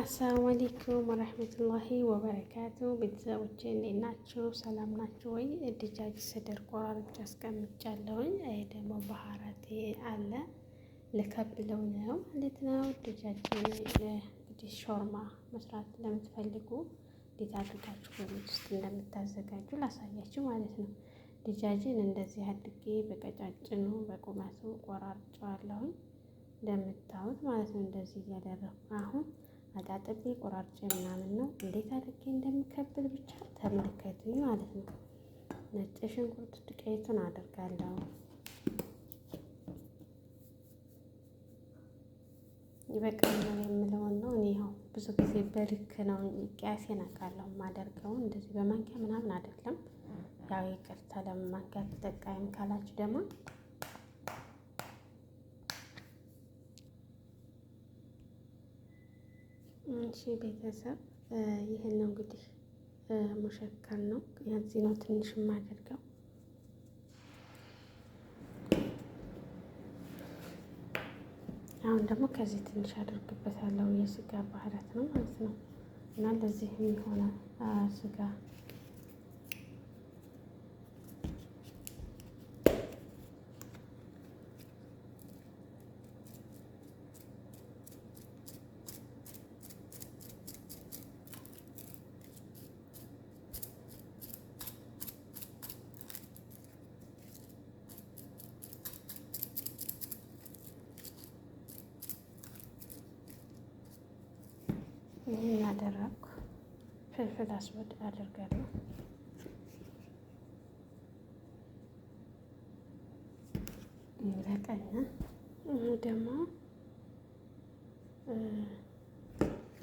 አሰላሙ አሌይኩም ወረህመቱላሂ ወበረካቱ። ቤተሰቦች እንዴት ናችሁ? ሰላም ናችሁ ወይ? ድጃጅ ስድር ቆራርጬ አስቀምጫለሁኝ። ደግሞ ባህራቴ አለ ልከብለው ነው ማለት ነው። ድጃጅ እንግዲህ ሾርማ መስራት ለምትፈልጉ እንዴት አድርጋችሁ በቤት ውስጥ እንደምታዘጋጁ ላሳያችሁ ማለት ነው። ድጃጅን እንደዚህ አድርጌ በቀጫጭኑ በቁመቱ ቆራርጬዋለሁኝ እንደምታዩት ማለት ነው። እንደዚህ እያደረኩ አሁን አጣጥቤ ቆራርጬ ምናምን ነው እንዴት አድርጌ እንደሚከብል ብቻ ተመልከቱኝ ማለት ነው። ነጭ ሽንኩርት ዱቄቱን አድርጋለሁ ይበቃኛል የምለውን ነው። እኔ ያው ብዙ ጊዜ በልክ ነው ቅያሴ አውቃለሁ ማደርገው። እንደዚህ በማንኪያ ምናምን አይደለም። ያው ይቅርታ ለማንኪያ ተጠቃሚ ካላችሁ ደግሞ እሺ ቤተሰብ ይህን ነው እንግዲህ መሸከር ነው። እዚህ ነው ትንሽ የማደርገው። አሁን ደግሞ ከዚህ ትንሽ አድርግበታለሁ። የስጋ ባህረት ነው ማለት ነው እና ለዚህ የሚሆነ ስጋ ይህን ያደረግኩ ፍልፍል አስወድ አድርጋለሁ። ይበቃኛ። ይህ ደግሞ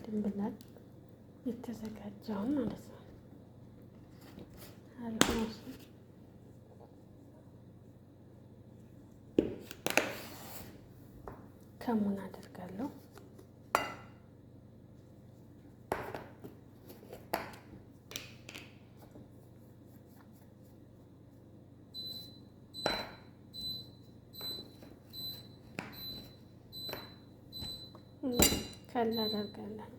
ድንብላል የተዘጋጀውን ማለት ነው። አልሆነሱ ከሙን አደ ከላ አደርጋለሁ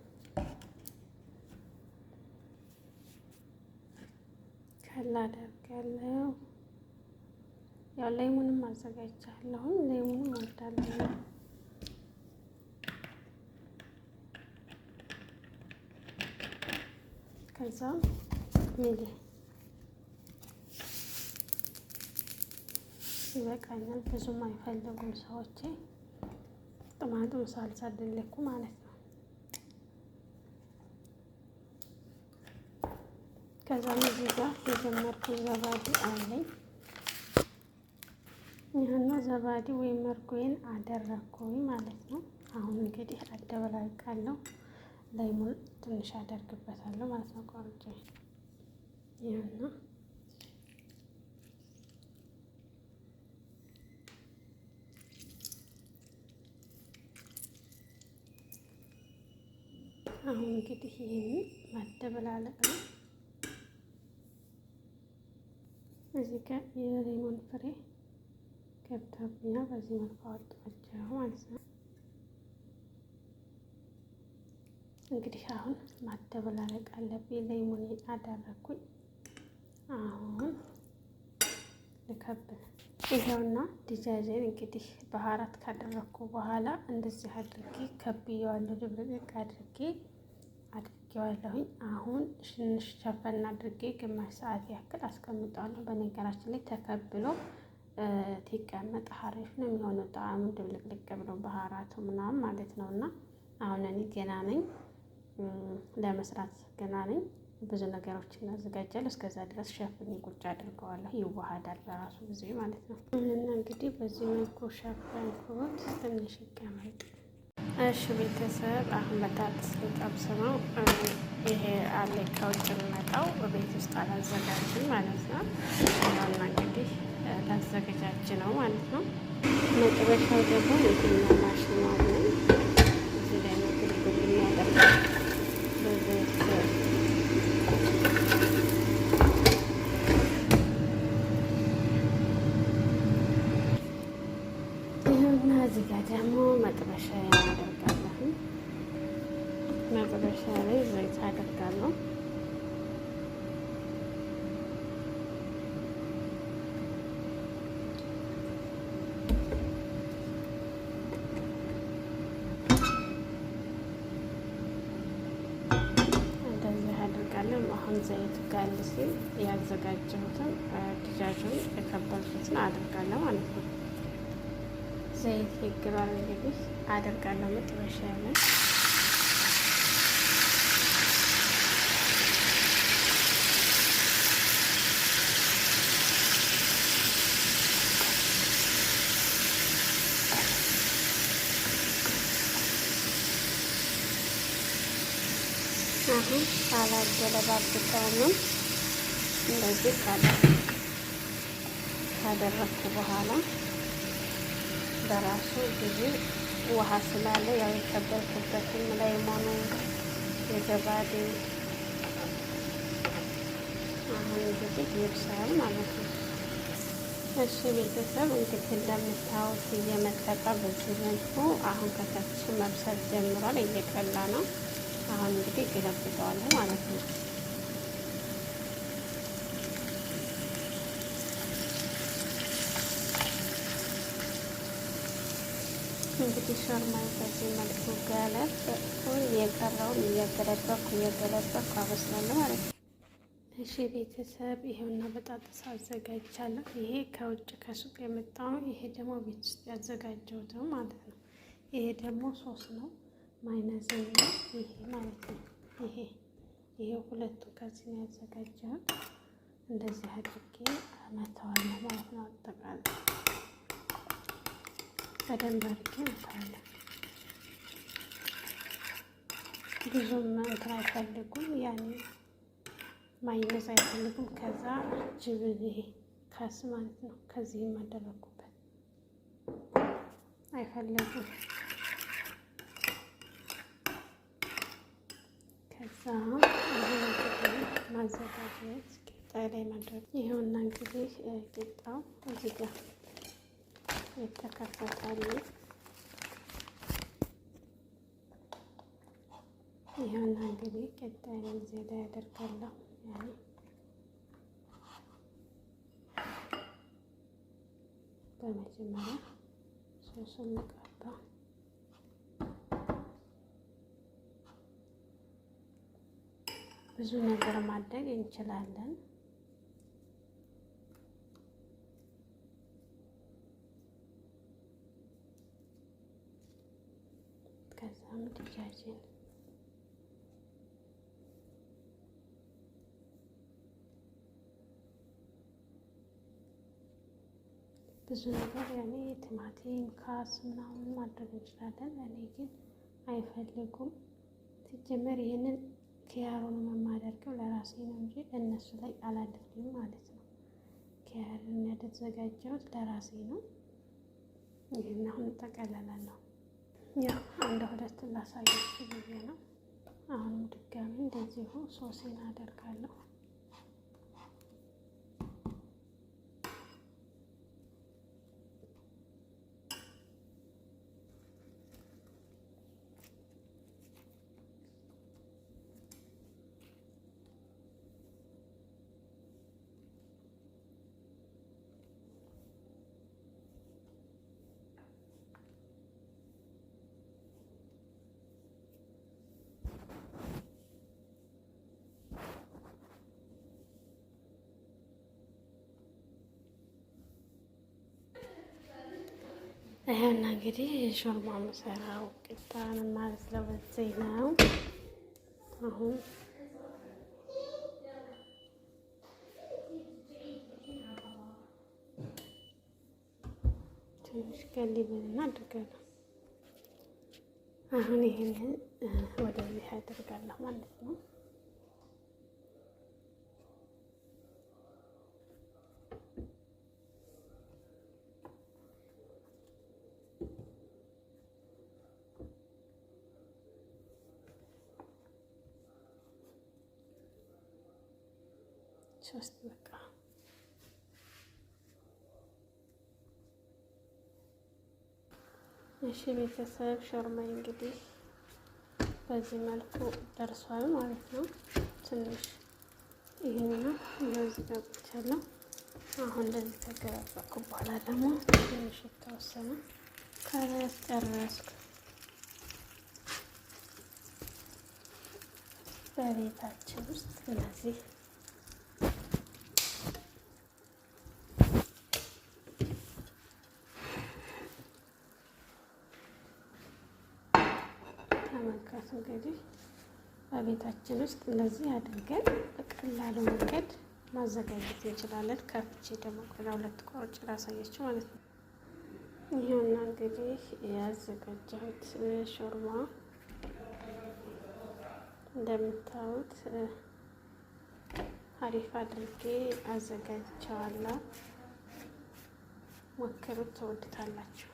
ከላ አደርጋለሁ። ያው ላይሙንም አዘጋጅቻለሁ። ላይሙንም አርዳለሁ። ከዛ ሚሊ ይበቃኛል። ብዙም አይፈልጉም ሰዎቼ ጥማጥም ሳልሳ አደለኩ ማለት ነው። ከዛም እዚህ ጋር የጀመርኩ ዘባዲ አለኝ። ይህን ዘባዲ ወይም እርጎዬን አደረግኩኝ ማለት ነው። አሁን እንግዲህ አደበላልቃለሁ። ላይሙን ትንሽ አደርግበታለሁ ማለት ነው ቆርጬ ይህና አሁን እንግዲህ ይህንን ማደበላለቅ ነው። እዚህ ጋር የሌሞን ፍሬ ገብታብኛ በዚህ መልኩ አወጣኋቸው ማለት ነው። እንግዲህ አሁን ማደበላለቅ አለብኝ። ሌሞን አዳረኩኝ። አሁን ልከብን ይኸውና ድጃጅን እንግዲህ በሀራት ካደረግኩ በኋላ እንደዚህ አድርጌ ከብዬዋለሁ። ድብልቅልቅ አድርጌ አድርጌዋለሁኝ። አሁን ትንሽ ሸፈን አድርጌ ግማሽ ሰዓት ያክል አስቀምጠዋለሁ። በነገራችን ላይ ተከብሎ ሲቀመጥ ሀሪፍ ነው የሚሆነው። ጣዕሙ ድብልቅልቅ ብሎ ባህራቱ ምናምን ማለት ነው። እና አሁን እኔ ገና ነኝ ለመስራት ገና ነኝ። ብዙ ነገሮችን እናዘጋጃለሁ። እስከዛ ድረስ ሸፍኝ ቁጭ አድርገዋለሁ። ይዋሃዳል በራሱ ጊዜ ማለት ነው። እና እንግዲህ በዚህ መልኩ ሸፈንኩት ትንሽ ይቀመጥ። እሺ ቤተሰብ አሁን በታጥስ ልጠብስ ነው። ይሄ አለ ከውጭ የሚመጣው በቤት ውስጥ አላዘጋጅም ማለት ነው። ያውና እንግዲህ ላዘገጃጅ ነው ማለት ነው። መጥበሻው ደግሞ የትኛው ማሽን ነው? እዚህ ጋር ደግሞ መጥበሻ አደርጋለሁ። መጥበሻ ላይ ዘይት አደርጋለሁ። አሁን ዘይቱ ጋል ሲል ያዘጋጀሁትን ድጃጁን የከበርኩትን አድርጋለሁ ማለት ነው። ዘይት ይገባል። እንግዲህ አደርጋለሁ መጥበሻ ላይ አሁን ሳላገለባብጠው ነው እንደዚህ ካደረኩ በኋላ በራሱ ብዙ ውሃ ስላለ ያው የከበርኩበትም ላይ መሆኑ የገባዴ አሁን እንግዲህ ይብሳል ማለት ነው። እሺ ቤተሰብ እንግዲህ እንደምታዩት እየመጠቀ በዚህ መልኩ አሁን ከታች መብሰል ጀምሯል። እየቀላ ነው። አሁን እንግዲህ ገለብጠዋለሁ ማለት ነው። እንግዲህ ሾርማን በዚህ መልኩ ጋለፍ የቀረውን እያገለበኩ እያገለበኩ አበስላለሁ ማለት ነው። እሺ ቤተሰብ ይሄውና በጣጥስ አዘጋጅቻለሁ። ይሄ ከውጭ ከሱቅ የመጣው ይሄ ደግሞ ቤት ውስጥ ያዘጋጀሁት ማለት ነው። ይሄ ደግሞ ሶስ ነው ማይነዝና ይሄ ማለት ነው። ይሄ ይሄ ሁለቱ ከዚህ ነው ያዘጋጀሁት። እንደዚህ አድርጌ መተዋለሁ ማለት ነው አጠቃላይ በደንብ አድርጌ እንሰራለን። ብዙም እንትን አይፈልጉም፣ ያኔ ማይነስ አይፈልጉም። ከዛ ጅብን ይሄ ማለት ነው። ከዚህም አደረኩበት አይፈለጉም። ከዛ ማዘጋጀት ቂጣ ላይ ማድረግ ይኸውና እንግዲህ ቂጣው እዚህ ጋር የተከፈተ ሊፍት ይህን እንግዲህ ቀጣይ ጊዜ ያደርጋለሁ። በመጀመሪያ ሶሱን ልቀባ ብዙ ነገር ማድረግ እንችላለን። ጌታችን ብዙ ነገር ያኔ ቲማቲም ካስ ምናምን ማድረግ እንችላለን። እኔ ግን አይፈልጉም። ሲጀመር ይህንን ኪያሩን የማደርገው ለራሴ ነው እንጂ እነሱ ላይ አላደርግም ማለት ነው። ኪያሩን ያደዘጋጀሁት ለራሴ ነው። ይህን አሁን እጠቀለላለሁ። ያው አንድ ሁለት ላሳያችሁ ብዬ ነው። አሁን ድጋሚ እንደዚሁ ሶሴን አደርጋለሁ። ይሄውና እንግዲህ ሾርማ መሰራው ቅጣ የማበስለው በዚህ ነው። አሁን ትንሽ ከሊብንና አድርጋለሁ። አሁን ይህንን ወደዚህ አድርጋለሁ ማለት ነው። ሶስት በቃ እሺ ቤተሰብ ሾርማይ እንግዲህ በዚህ መልኩ ደርሷል ማለት ነው። ትንሽ እንደዚህ አሁን እንደዚህ በኋላ ደግሞ ትንሽ የተወሰነ ከረስ ጨረስኩ። በቤታችን ውስጥ እነዚህ ማለት እንግዲህ በቤታችን ውስጥ እንደዚህ አድርገን በቀላሉ መንገድ ማዘጋጀት እንችላለን። ከፍቼ ደግሞ ለሁለት ቆርጬ ላሳያችሁ ማለት ነው። ይህና እንግዲህ ያዘጋጀሁት ሾርማ እንደምታዩት አሪፍ አድርጌ አዘጋጅቸዋለሁ። ሞክሩት፣ ትወዱታላችሁ።